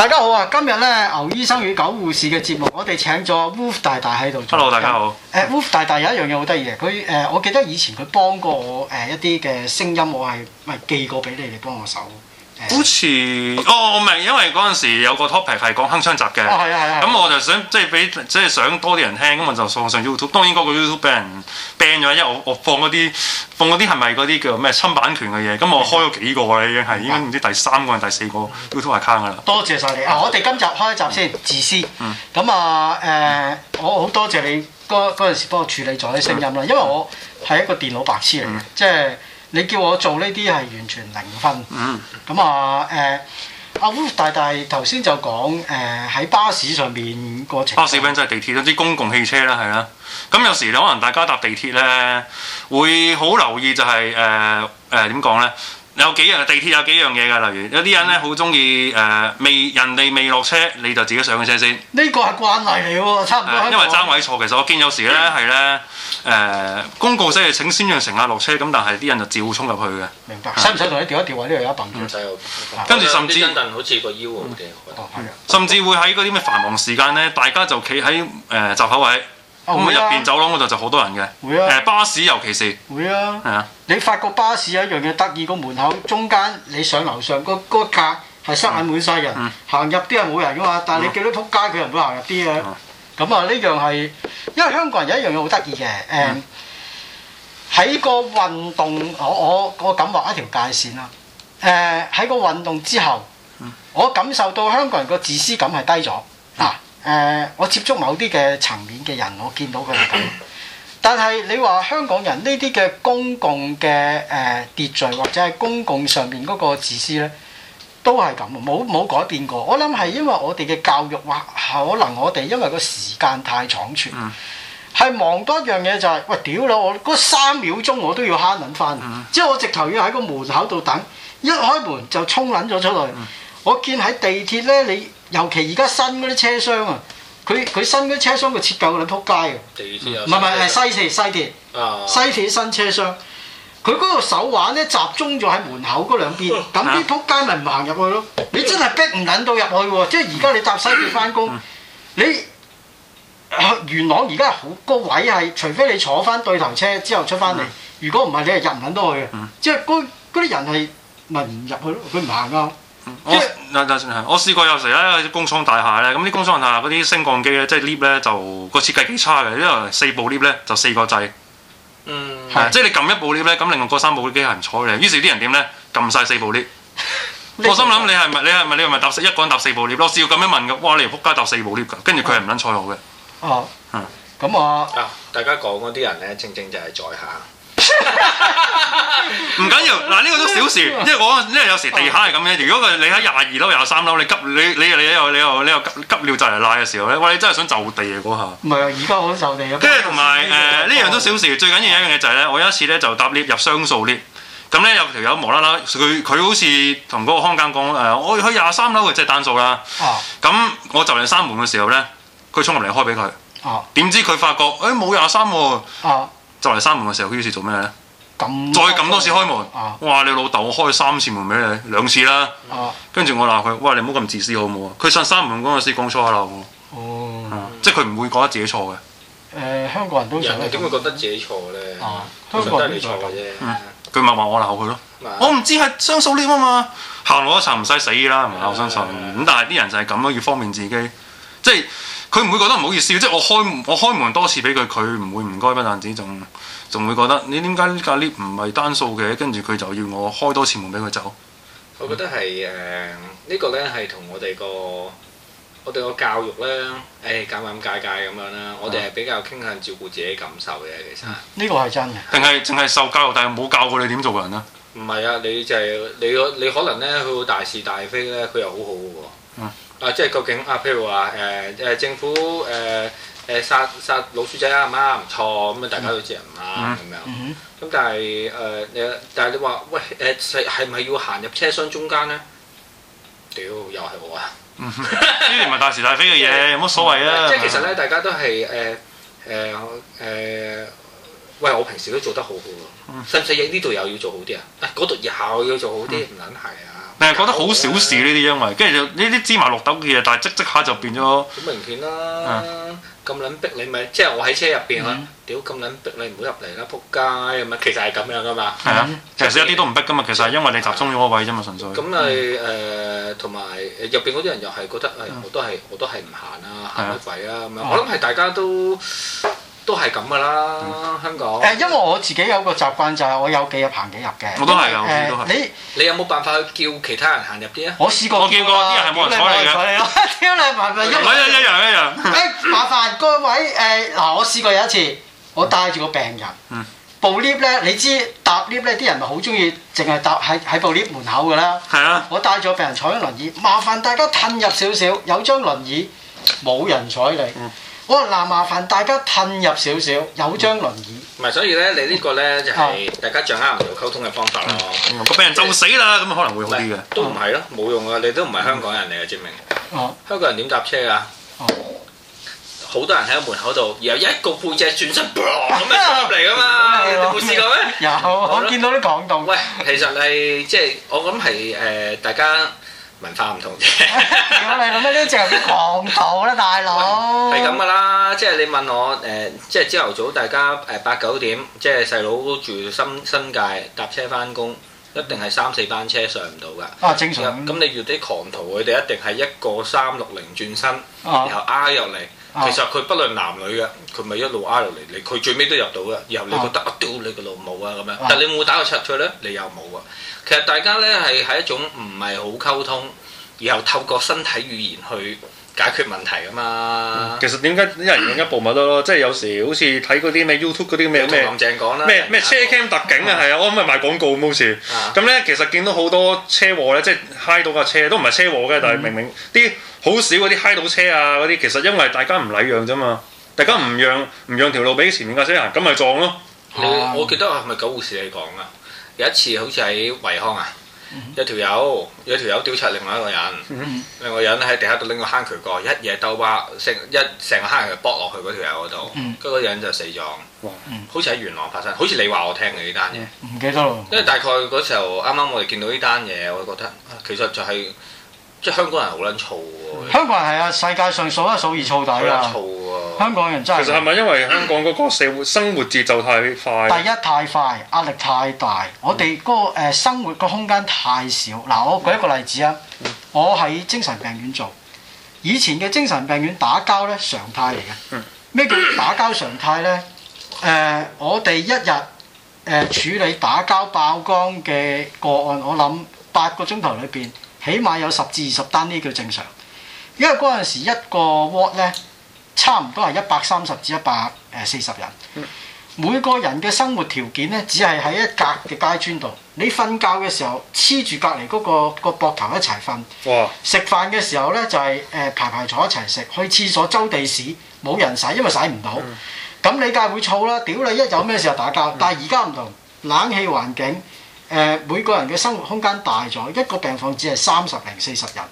大家好啊！今日呢牛醫生與狗護士嘅節目，我哋請咗 Wolf 大大喺度。Hello，大家好。Wolf 大大有一樣嘢好得意嘅，佢誒、呃，我記得以前佢幫過我誒、呃，一啲嘅聲音我係咪寄過俾你哋，幫我手。好似哦，我明，因為嗰陣時有個 topic 係講鏗鏘集嘅，咁、啊嗯、我就想即係俾即係想多啲人聽，咁我就送上 YouTube。當然嗰個 YouTube 俾人 ban 咗，因為我我放嗰啲放嗰啲係咪嗰啲叫咩侵版權嘅嘢？咁我開咗幾個啦，已經係應該唔知第三個定的第四個 YouTube account 啦。多謝晒你啊！我哋今集開一集先、嗯、自私，咁啊誒，我好多謝你嗰嗰陣時幫我處理咗啲聲音啦，嗯、因為我係一個電腦白痴嚟嘅，嗯、即係是。嗯你叫我做呢啲係完全零分，咁、嗯、啊誒，阿、啊、w 大大頭先就講誒喺巴士上面，個程，巴士就係地鐵，總、就、之、是、公共汽車啦，係啦。咁有時可能大家搭地鐵咧，會好留意就係誒誒點講咧？呃呃有幾樣地鐵有幾樣嘢㗎，例如有啲人咧好中意誒，未人哋未落車你就自己上咗車先。呢個係慣例嚟喎，差唔多。因為爭位坐，其實我見有時咧係咧誒公告聲係請先讓乘客落車，咁但係啲人就照衝入去嘅。明白。使唔使同你調一調位？呢度有一凳。唔使。跟住有、嗯、甚至好似個腰咁嘅，嗯嗯嗯、甚至會喺嗰啲咩繁忙時間咧，大家就企喺誒閘口位。我入邊走廊我就就好多人嘅，會啊、呃，巴士尤其是會啊，係啊，你發覺巴士一樣嘢得意個門口中間你上樓上、嗰個架係塞滿滿晒人，行入啲係冇人噶嘛，但係你叫到撲街佢又唔會行入啲啊，咁啊呢樣係因為香港人有一樣嘢好得意嘅，誒、嗯、喺、嗯、個運動我我我敢畫一條界線啦，誒、呃、喺個運動之後，嗯、我感受到香港人個自私感係低咗啊。嗯誒、呃，我接觸某啲嘅層面嘅人，我見到佢哋係咁。但係你話香港人呢啲嘅公共嘅誒、呃、秩序或者係公共上面嗰個自私咧，都係咁，冇冇改變過。我諗係因為我哋嘅教育，哇！可能我哋因為個時間太倉促，係、嗯、忙多一樣嘢就係、是，喂，屌啦！我嗰三秒鐘我都要慳撚翻，嗯、即係我直頭要喺個門口度等，一開門就衝撚咗出去。嗯、我見喺地鐵咧，你。你尤其而家新嗰啲車廂啊，佢佢新嗰啲車廂嘅設計，我諗仆街啊，唔係唔係，係西鐵西鐵，啊、西鐵新車廂，佢嗰個手環咧集中咗喺門口嗰兩邊，咁啲仆街咪唔行入去咯。你真係逼唔撚到入去喎，即係而家你搭西鐵翻工，你元朗而家好高位，係除非你坐翻對頭車之後出翻嚟，如果唔係你係入唔撚到去嘅，即係嗰啲人係唔入去咯，佢唔行啊！我嗱嗱，我試過有時咧，工廠大廈咧，咁啲工廠大廈嗰啲升降機咧，即 lift 咧，就個設計幾差嘅，因為四部 lift 咧就四個掣，嗯、即係，你撳一部 lift 咧，咁另外嗰三部升降機械人坐你，於是啲人點咧撳晒四部 lift，我心諗你係咪你係咪你係咪搭一個人搭四部 lift 咯？我試過咁樣問嘅，哇！你撲街搭四部 lift 嘅，跟住佢係唔撚坐好嘅。哦、啊，咁我嗱，嗯啊啊、大家講嗰啲人咧，正正就係在下。唔緊要，嗱、這、呢個都小事，因為我因為有時地下係咁嘅。如果你喺廿二樓、廿三樓，你急你你你又你又你又急尿就嚟拉嘅時候咧，哇！你真係想就地嗰下，唔係啊，而家好就地啊。跟住同埋誒呢樣都小事， 最緊要一樣嘢就係、是、咧，我一有一次咧就搭 lift 入雙數 lift，咁咧有條友無啦啦，佢佢好似同嗰個康間講誒，我去廿三樓嘅，即係單數啦。哦。咁我就嚟閂門嘅時候咧，佢衝入嚟開俾佢。哦、啊。點知佢發覺誒冇廿三門。就嚟閂門嘅時候，佢要試做咩咧？再咁多次開門，哇！你老豆開三次門俾你，兩次啦。跟住我鬧佢，哇！你唔好咁自私好唔好啊？佢上閂門嗰陣時講錯啦喎，即係佢唔會覺得自己錯嘅。誒，香港人都想點會覺得自己錯咧？都覺得你錯嘅啫。佢咪話我鬧佢咯？我唔知係雙數 lift 啊嘛，行路一層唔使死啦，唔咪鬧雙數。咁但係啲人就係咁咯，要方便自己，即係。佢唔會覺得唔好意思，即係我開我開門多次俾佢，佢唔會唔該。不單止，仲仲會覺得你點解呢架 lift 唔係單數嘅？跟住佢就要我開多次門俾佢走。我覺得係誒，呢、呃呢個呢，係同我哋個我哋個教育呢，誒、哎，咁咁界界咁樣啦。我哋係比較傾向照顧自己感受嘅，其實呢個係真嘅。定係淨係受教育，但係冇教過你點做人啊？唔係啊，你就係、是、你可你可能咧去大是大非呢，佢又好好喎。嗯啊，即係究竟啊，譬如話誒誒政府誒誒、呃、殺殺老鼠仔、呃呃、啱唔啱啊，啱唔錯咁啊，大家都知係唔啱咁樣。咁但係誒誒，但係你話喂誒，係係唔係要行入車廂中間咧？屌，又係我啊！呢啲唔係大是大非嘅嘢，有乜所謂啊？即係其實咧，大家都係誒誒誒，喂，我平時都做得好好喎。使唔使呢度又要做好啲啊？嗰度又要做好啲，唔撚係啊！係覺得好小事呢啲，因為跟住呢啲芝麻綠豆嘅嘢，但係即即下就變咗。好、嗯、明顯啦，咁撚逼你咪，即、就、係、是、我喺車入邊啦，嗯、屌咁撚逼你唔好入嚟啦，仆街咁啊！其實係咁樣噶嘛。係啊、嗯，其實一啲都唔逼噶嘛，其實係因為你集中咗嗰位啫嘛，純粹。咁、嗯、你誒，同埋入邊嗰啲人又係覺得誒、嗯，我都係我都係唔行啊，行乜鬼啊？咁啊、嗯，我諗係大家都。都係咁噶啦，香港。誒，因為我自己有個習慣就係我有幾日行幾日嘅。我都係，我都係。你你有冇辦法叫其他人行入啲啊？我試過，我見過啲人係冇人睬嚟嘅。點解麻係唔係喐？一樣一樣。麻煩各位誒，嗱，我試過有一次，我帶住個病人，部 lift 咧，你知搭 lift 咧，啲人咪好中意淨係搭喺喺部 lift 門口㗎啦。係啊。我帶住個病人坐緊輪椅，麻煩大家褪入少少，有張輪椅，冇人睬你。我嗱，麻煩大家褪入少少，有張輪椅。唔係，所以咧，你呢個咧就係大家掌握唔到溝通嘅方法咯。個俾人就死啦，咁啊可能會用啲嘅。都唔係咯，冇用啊！你都唔係香港人嚟嘅證明。香港人點搭車噶？好多人喺門口度，然後一個背脊轉身，咁啊衝入嚟噶嘛？你冇試過咩？有，我見到啲港獨。喂，其實係即係我諗係誒大家。文化唔同啫， 你諗咩？淨係啲狂徒啦，大佬係咁噶啦，即係你問我誒，即係朝頭早大家誒八九點，即係細佬住新新界搭車翻工，一定係三四班車上唔到㗎。啊，正常咁。咁你遇啲狂徒，佢哋一定係一個三六零轉身，啊啊然後 R 入嚟。啊其實佢不論男女嘅，佢咪一路挨落嚟，你佢最尾都入到嘅，然後你覺得啊屌、啊、你個老母啊咁樣，啊、但你冇打個撤退咧，你又冇啊。其實大家咧係係一種唔係好溝通，然後透過身體語言去解決問題㗎嘛、嗯。其實點解啲人進一步咪得咯？啊、即係有時好似睇嗰啲咩 YouTube 嗰啲咩咩咩車 cam 特警啊，係啊，我咁咪賣廣告冇事。咁咧、啊嗯、其實見到好多車禍咧，即係嗨到架車都唔係車禍嘅，但係明明啲、嗯。嗯好少嗰啲揩到車啊！嗰啲其實因為大家唔禮讓啫嘛，大家唔讓唔讓條路俾前面架車行，咁咪撞咯、啊。我記得係咪九護士你講啊？有一次好似喺維康啊，嗯、哼有條友有條友屌柒另外一個人，嗯、哼另外一個人喺地下度拎個坑渠過，一夜兜巴成一成個坑人就駁落去嗰條友嗰度，跟住嗰個人就死咗。哇好似喺元朗發生，好似你話我聽嘅呢單嘢，唔記得咯。嗯、因為大概嗰時候啱啱我哋見到呢單嘢，我覺得其實就係。即係香港人好撚躁喎！嗯、香港人係啊，世界上數一數二燥底啊。香港人真係其實係咪因為香港嗰個社會生活節奏太快？嗯、第一太快，壓力太大。嗯、我哋嗰個生活個空間太少。嗱、嗯，我舉一個例子啊，嗯、我喺精神病院做，以前嘅精神病院打交咧常態嚟嘅。咩、嗯嗯、叫打交常態咧？誒、呃，我哋一日誒處理打交爆缸嘅個案，我諗八個鐘頭裏邊，起碼有十至二十單，呢叫正常，因為嗰陣時一個 ward 咧，差唔多係一百三十至一百誒四十人，嗯、每個人嘅生活條件咧，只係喺一格嘅街村度，你瞓覺嘅時候黐住隔離嗰個膊、個、頭一齊瞓，哇食飯嘅時候咧就係、係、誒排排坐一齊食，去廁所周地屎冇人洗，因為洗唔到，咁、嗯、你梗係會燥啦，屌你一有咩事就打交。嗯、但係而家唔同，冷氣環境。誒每個人嘅生活空間大咗，一個病房只係三十零四十人。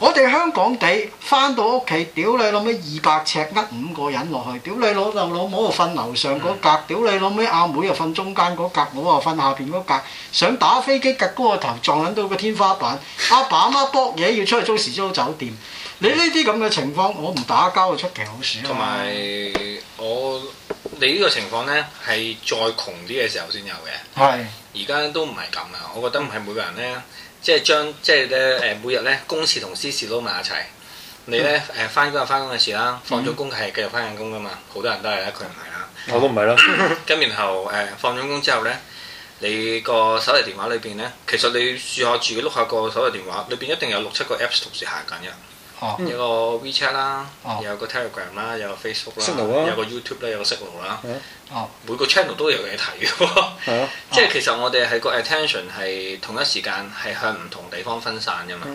我哋香港地翻到屋企，屌你老味二百尺呃五個人落去，屌你老豆老母啊瞓樓上嗰格，屌你老味阿妹又瞓中間嗰格，我啊瞓下邊嗰格，想打飛機隔高個頭撞撚到個天花板。阿爸阿媽搏嘢要出去租時租酒店，你呢啲咁嘅情況，我唔打交啊出奇好處。同埋我，你呢個情況呢，係再窮啲嘅時候先有嘅，而家是都唔係咁啦。我覺得唔係每個人呢，即係將即係呢誒，每日呢公事同私事撈埋一齊。你呢，誒翻工就翻工嘅事啦，放咗工梗係繼續翻緊工㗎嘛，好多人都係啦，佢唔係啦。我都唔係啦，咁 然後誒放咗工之後呢，你個手提電話裏邊呢，其實你樹下住碌下個手提電話裏邊一定有六七個 Apps 同時下緊嘅。嗯、有個 WeChat 啦、嗯，有個 Telegram 啦、嗯，有 Facebook 啦、嗯，有個 YouTube 啦、嗯，有個 Signal 啦。每個 channel 都有嘢睇嘅喎， 嗯嗯、即係其實我哋係個 attention 係同一時間係向唔同地方分散嘅嘛。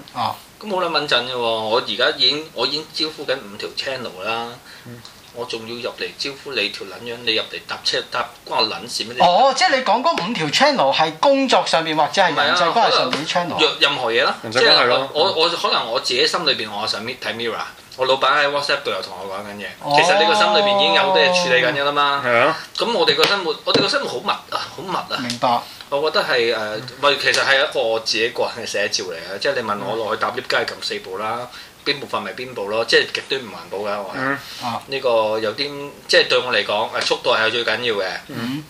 咁好撚敏陣嘅喎，我而家已經我已經招呼緊五條 channel 啦。嗯嗯我仲要入嚟招呼你條撚樣，你入嚟搭車搭關我撚事咩？哦，即係你講嗰五條 channel 係工作上面，或者係人事關係上 channel，任何嘢啦，即係我我可能我自己心裏邊我想睇 mirror，我老闆喺 WhatsApp 度又同我講緊嘢，其實你個心裏邊已經有好多嘢處理緊嘅啦嘛。係啊，咁我哋個生活我哋個生活好密啊，好密啊。明白，我覺得係誒，咪其實係一個我自己個人嘅寫照嚟嘅，即係你問我落去搭 lift 梗係撳四步啦。邊部分咪邊部咯，即係極端唔環保嘅我話，呢個有啲即係對我嚟講，誒速度係最緊要嘅。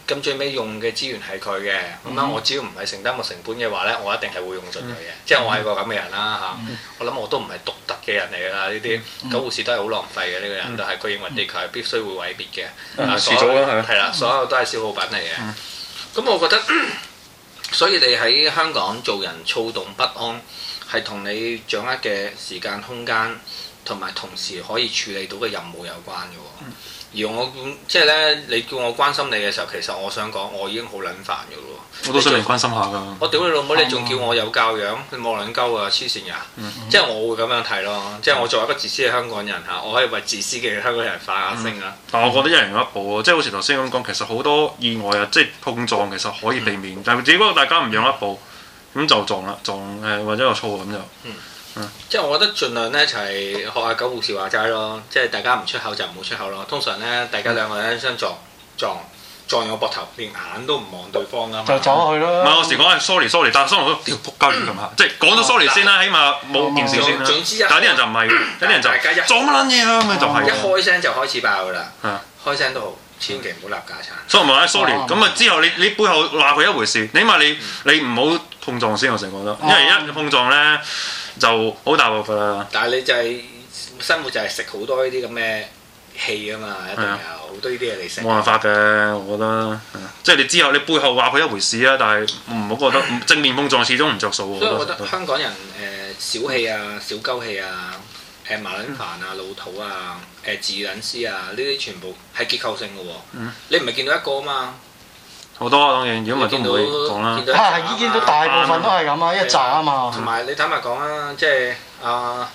咁最尾用嘅資源係佢嘅，咁樣我只要唔係承擔個成本嘅話咧，我一定係會用盡佢嘅。即係我係個咁嘅人啦嚇，我諗我都唔係獨特嘅人嚟㗎啦呢啲。九護士都係好浪費嘅呢個人，都係佢認為地球係必須會毀滅嘅。啊，啦係啦，所有都係消耗品嚟嘅。咁我覺得，所以你喺香港做人躁動不安。係同你掌握嘅時間、空間同埋同時可以處理到嘅任務有關嘅喎、哦。嗯、而我即係呢，你叫我關心你嘅時候，其實我想講，我已經好撚煩嘅咯。我都想你關心下㗎。我屌你老母，啊、你仲叫我有教養？你冇撚鳩啊，黐線噶！嗯嗯、即係我會咁樣睇咯。即係我作為一個自私嘅香港人嚇，我可以為自私嘅香港人發下聲啊、嗯。但我覺得一人讓一步咯。即係好似頭先咁講，其實好多意外啊，即係碰撞其實可以避免，嗯、但係只不過大家唔讓一步。咁就撞啦，撞誒或者我錯咁就，即係我覺得盡量咧就係學阿九護士話齋咯，即係大家唔出口就唔好出口咯。通常咧大家兩個人相撞撞撞入我膊頭，連眼都唔望對方噶嘛，就走去咯。有時講係 sorry sorry，但係 sorry 都屌撲街，咁即係講咗 sorry 先啦，起碼冇件事先啦。但係啲人就唔係，有啲人就撞乜撚嘢啊，咁就係一開聲就開始爆㗎啦。開聲都好，千祈唔好立架撐。sorry sorry，咁啊之後你你背後鬧佢一回事，你起碼你你唔好。碰撞先我成覺得，啊、因為一碰撞咧就好大部分啦。但係你就係、是、生活就係食好多呢啲咁嘅氣啊嘛，一定有好的多呢啲嘢嚟食。冇辦法嘅，我覺得，的即係你之後你背後話佢一回事啊，但係唔好覺得咳咳正面碰撞始終唔着數。所以我覺得香港人誒、呃、小氣啊、小鳩氣啊、誒麻撚煩啊、老土啊、誒自私啊，呢啲全部係結構性嘅喎。嗯、 你唔係見到一個啊嘛？好多啊，當然，如果唔係都冇講啦。啊，依件到大部分都係咁啊，一紮啊嘛。同埋你坦白講啊，即係啊，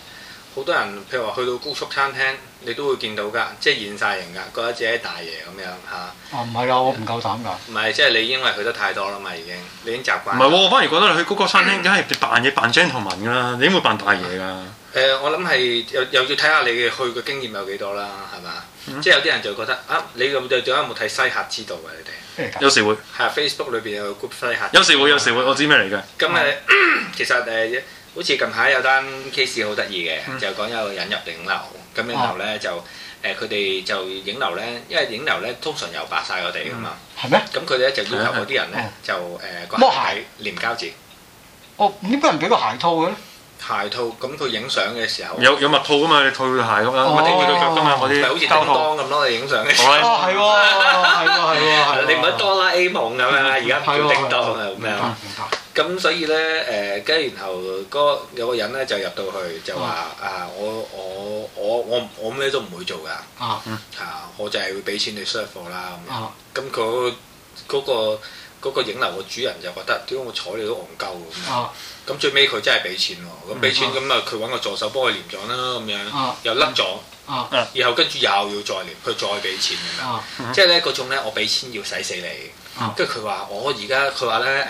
好多人譬如話去到高速餐廳，你都會見到㗎，即係現晒型㗎，覺得自己大爺咁樣嚇。哦，唔係啊，我唔夠膽㗎。唔係，即係你因為去得太多啦嘛，已經你已經習慣。唔係喎，我反而覺得你去高速餐廳，梗係扮嘢扮精同文㗎啦，你點會扮大爺㗎。誒，我諗係又又要睇下你嘅去嘅經驗有幾多啦，係嘛？即係有啲人就會覺得啊，你有冇睇西客之道啊，你哋。有時會係 Facebook 裏邊有個 group。有時會有時會，我知咩嚟嘅？今日其實誒，好似近排有單 case 好得意嘅，就講有引入影樓，咁然後咧就誒，佢哋就影樓咧，因為影樓咧通常又白晒我哋噶嘛。係咩？咁佢哋咧就要求啲人咧就誒，摸鞋連膠紙。哦，點解人俾個鞋套嘅？鞋套，咁佢影相嘅時候，有有襪套噶嘛？你套對鞋噶嘛？唔係好似叮噹咁攞嚟影相嘅。哦，係喎，係喎，係喎，係。你唔係哆啦 A 夢咁樣，而家叫叮噹啊咁樣。咁所以咧誒，跟住然後嗰有個人咧就入到去，就話啊我我我我我咩都唔會做㗎。啊嗯。啊，我就係會俾錢你 service 啦咁。啊。咁佢嗰個。嗰個影樓嘅主人就覺得，屌點解我睬你都戇鳩咁，咁、啊、最尾佢真係俾錢喎，咁俾、嗯、錢咁啊佢揾個助手幫佢黏咗啦咁樣，嗯、又甩咗，嗯、然後跟住又要再黏，佢再俾錢咁、嗯、樣，嗯、即係咧嗰種咧我俾錢要使死你，跟住佢話我而家佢話咧誒。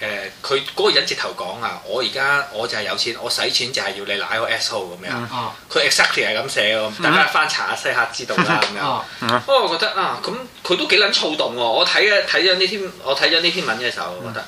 誒佢嗰個人直頭講啊，我而家我就係有錢，我使錢就係要你拉我 S 號咁樣。佢 exactly 係咁寫咯，啊、writing，大家翻查下、啊、西客知道啦咁樣。不過、嗯啊、我覺得啊，咁佢都幾撚躁動喎、啊。我睇嘅睇咗呢篇，我睇咗呢篇文嘅時候，我覺得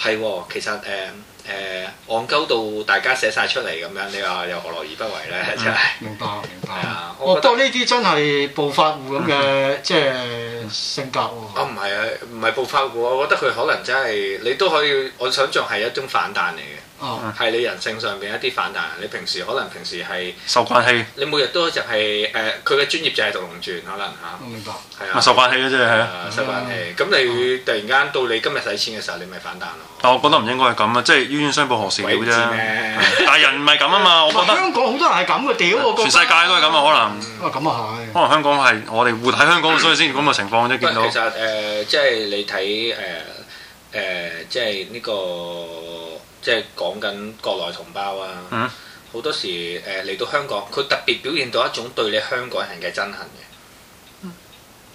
係喎、嗯，其實誒。呃誒戇鳩到大家寫晒出嚟咁樣，你話又何樂而不為呢？嗯、真係是明白，明白。呃、我覺得呢啲真係暴發戶咁嘅， 即係性格喎。我唔係啊，唔係暴發戶。我覺得佢可能真係你都可以，我想象係一種反彈嚟嘅。哦，係你人性上邊一啲反彈。你平時可能平時係受慣氣，你每日都就係誒，佢嘅專業就係讀龍傳，可能嚇。我明白。係啊，受慣氣嘅啫，係啊。受慣氣，咁你突然間到你今日使錢嘅時候，你咪反彈咯。但我覺得唔應該係咁啊，即係冤冤相報何時了啫。鬼知咩？但係人唔係咁啊嘛，我覺得。香港好多人係咁嘅，屌！全世界都係咁啊，可能。咁啊係。可能香港係我哋活喺香港，所以先咁嘅情況啫。見到。其實誒，即係你睇誒誒，即係呢個。即係講緊國內同胞啊！好多時誒嚟到香港，佢特別表現到一種對你香港人嘅憎恨嘅，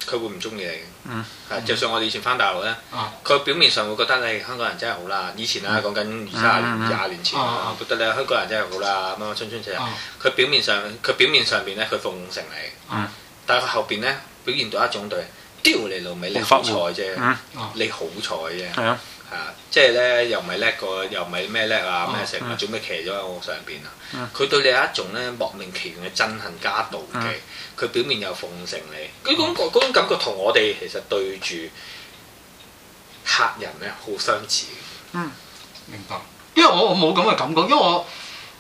佢會唔中意你嘅。就算我哋以前翻大陸咧，佢表面上會覺得你香港人真係好啦。以前啦，講緊二卅年、廿年前，覺得你香港人真係好啦，乜乜春春。佢表面上，佢表面上邊咧，佢奉承你，但係佢後邊咧表現到一種對，屌你老味，你好彩啫，你好彩啫。啊！即係咧，又唔係叻過，又唔係咩叻啊，咩成啊，做咩、嗯、騎咗喺我上邊啊？佢、嗯、對你係一種咧莫名其妙嘅憎恨加妒忌，佢、嗯、表面又奉承你，佢嗰、嗯、種嗰種感覺同我哋其實對住客人咧好相似。嗯，明白。因為我我冇咁嘅感覺，因為我。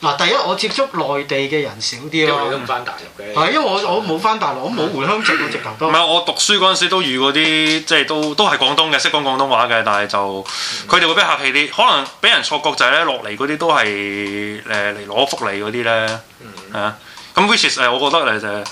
嗱，第一我接觸內地嘅人少啲咯，因為你都唔翻大陸嘅，係因為我我冇翻大陸，我冇回鄉籍，我直頭都唔係。我讀書嗰陣時都遇過啲，即係都都係廣東嘅，識講廣東話嘅，但係就佢哋會比較客氣啲，可能俾人錯覺就係咧落嚟嗰啲都係誒嚟攞福利嗰啲咧，係、嗯、啊。咁 which is 我覺得咧、就、誒、是，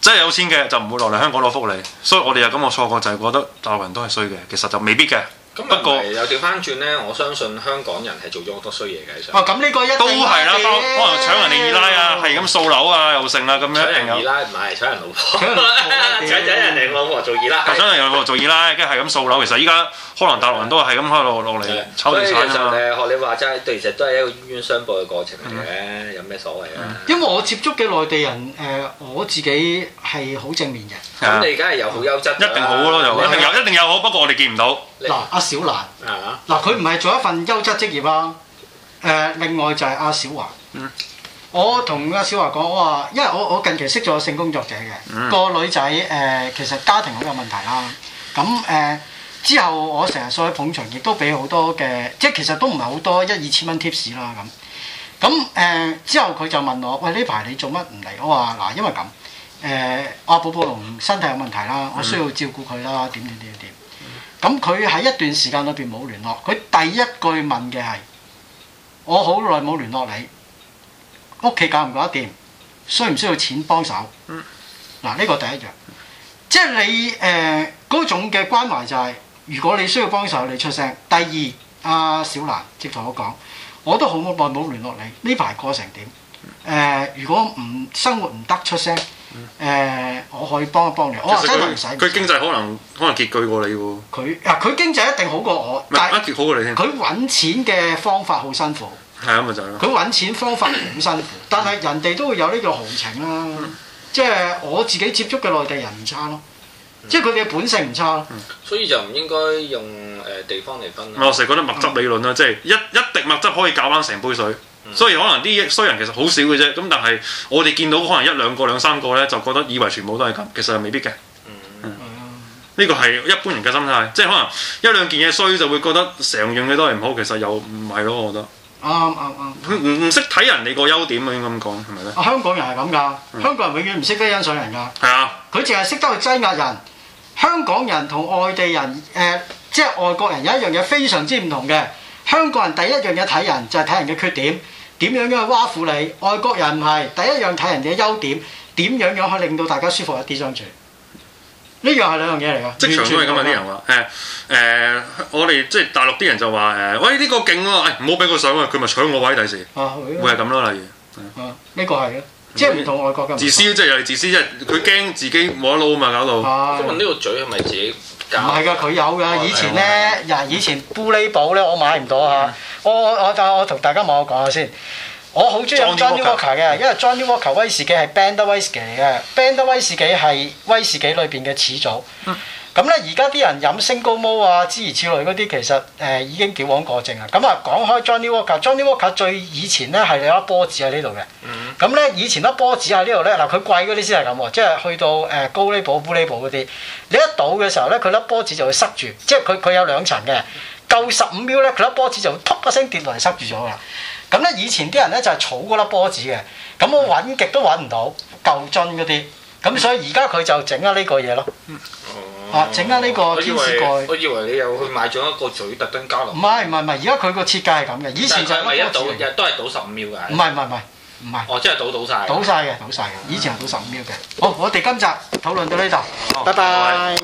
真係有錢嘅就唔會落嚟香港攞福利，所以我哋又咁嘅錯過覺就係覺得大陸人都係衰嘅，其實就未必嘅。不但又過來但又調翻轉咧，我相信香港人係做咗好多衰嘢嘅，上都係啦，包括可能搶人哋二奶啊。係咁掃樓啊，又剩啦咁樣。搶人二奶唔係搶人老婆，搶 人哋老 婆做二奶。搶人老婆做二奶，跟住係咁掃樓。其實依家可能大陸人都係咁開落落嚟，抽地產。所以其實學你話齋，其實都係一個冤冤相報嘅過程嚟嘅，mm hmm. 有咩所謂啊？ 因為我接觸嘅內地人誒，我自己係好正面嘅。咁、啊、你而家係有好優質、啊，一定好咯，就是一定有，一定有。好，不過我哋見唔到。嗱阿讀你、啊、小蘭，嗱佢唔係做一份優質職業啊。誒另外就係阿小華。嗯我同阿小華講我話，因為我我近期識咗性工作者嘅、嗯、個女仔，誒、呃、其實家庭好有問題啦。咁誒、呃、之後我成日去捧場，亦都俾好多嘅，即係其實都唔係好多一二千蚊 tips 啦咁。咁誒、呃、之後佢就問我：喂，呢排你做乜唔嚟？我話嗱、呃，因為咁誒，阿寶寶龍身體有問題啦，我需要照顧佢啦，點點點點。咁佢喺一段時間裏邊冇聯絡，佢第一句問嘅係：我好耐冇聯絡你。屋企搞唔搞得掂，需唔需要錢幫手？嗱、嗯，呢個第一樣，即係你誒嗰、呃、種嘅關懷就係、是，如果你需要幫手，你出聲。第二，阿、啊、小蘭直同我講，我都好耐冇聯絡你，呢排過成點？誒、呃，如果唔生活唔得，出聲誒、呃，我可以幫一幫你。其實我話真係唔使。佢經濟可能可能拮據過你喎。佢啊，佢經濟一定好過我，是但係拮好過你添。佢揾錢嘅方法好辛苦。係啊，咪就係咯。佢揾錢方法唔辛苦，但係人哋都會有呢個行情啦。即係我自己接觸嘅內地人唔差咯，即係佢哋嘅本性唔差咯。所以就唔應該用誒地方嚟分。我成日覺得墨汁理論啦，即係一一滴墨汁可以搞翻成杯水。所以可能啲衰人其實好少嘅啫。咁但係我哋見到可能一兩個、兩三個呢，就覺得以為全部都係咁，其實又未必嘅。呢個係一般人嘅心態，即係可能一兩件嘢衰就會覺得成樣嘢都係唔好，其實又唔係咯。我覺得。啱啱啱唔唔唔識睇人，你個優點應該係咁講係咪咧？香港人係咁噶，香港人永遠唔識得欣賞人噶。係啊，佢淨係識得去擠壓人。香港人同外地人誒、呃，即係外國人有一樣嘢非常之唔同嘅。香港人第一樣嘢睇人就係、係、睇人嘅缺點，點樣樣去挖苦你。外國人唔係第一樣睇人嘅優點，點樣樣去令到大家舒服一啲相處。呢樣係兩樣嘢嚟㗎，職場都係咁啊！啲人話誒誒，我哋即係大陸啲人就話誒，喂呢個勁喎，唔好俾個手佢，佢咪搶我位第時，會係咁咯。例如，呢個係啊，即係唔同外國咁自私，即係又係自私，即係佢驚自己冇得撈啊嘛，搞到即係呢個嘴係咪自己？唔係㗎，佢有㗎。以前咧，人以前布雷寶咧，我買唔到嚇。我我但係我同大家望我講下先。我好中意飲 Johnnie Walker 嘅，因為 Johnnie Walker 威士忌係 Blend 威士忌嚟嘅 Blend 威士忌係威士忌裏邊嘅始祖。咁咧、嗯，而家啲人飲 Single Malt 啊，諸如此類嗰啲，其實誒已經矯枉過正啊。咁啊，講開 Johnnie Walker，Johnnie Walker, Johnnie Walker 最以前咧係有一波子喺呢度嘅。咁咧、嗯，以前粒波子喺呢度咧，嗱佢貴嗰啲先係咁喎，即係去到誒 Gold Label、Blue Label 嗰啲，你一倒嘅時候咧，佢粒波子就會塞住，即係佢佢有兩層嘅，夠十五秒咧，佢粒波子就會突一聲跌落嚟塞住咗啦。嗯嗯咁咧，以前啲人咧就係儲嗰粒波子嘅，咁我揾極都揾唔到，到舊樽嗰啲，咁所以而家佢就整啊呢個嘢咯。哦、嗯。啊，整啊呢個天線蓋。我以為你又去買咗一個嘴特登加落。唔係唔係唔係，而家佢個設計係咁嘅，以前就係。但係咪一日都係倒十五秒嘅？唔係唔係唔係，唔係。哦，即係倒倒晒。倒晒嘅，倒晒嘅。以前係倒十五秒嘅。好，我哋今集討論到呢度，拜拜。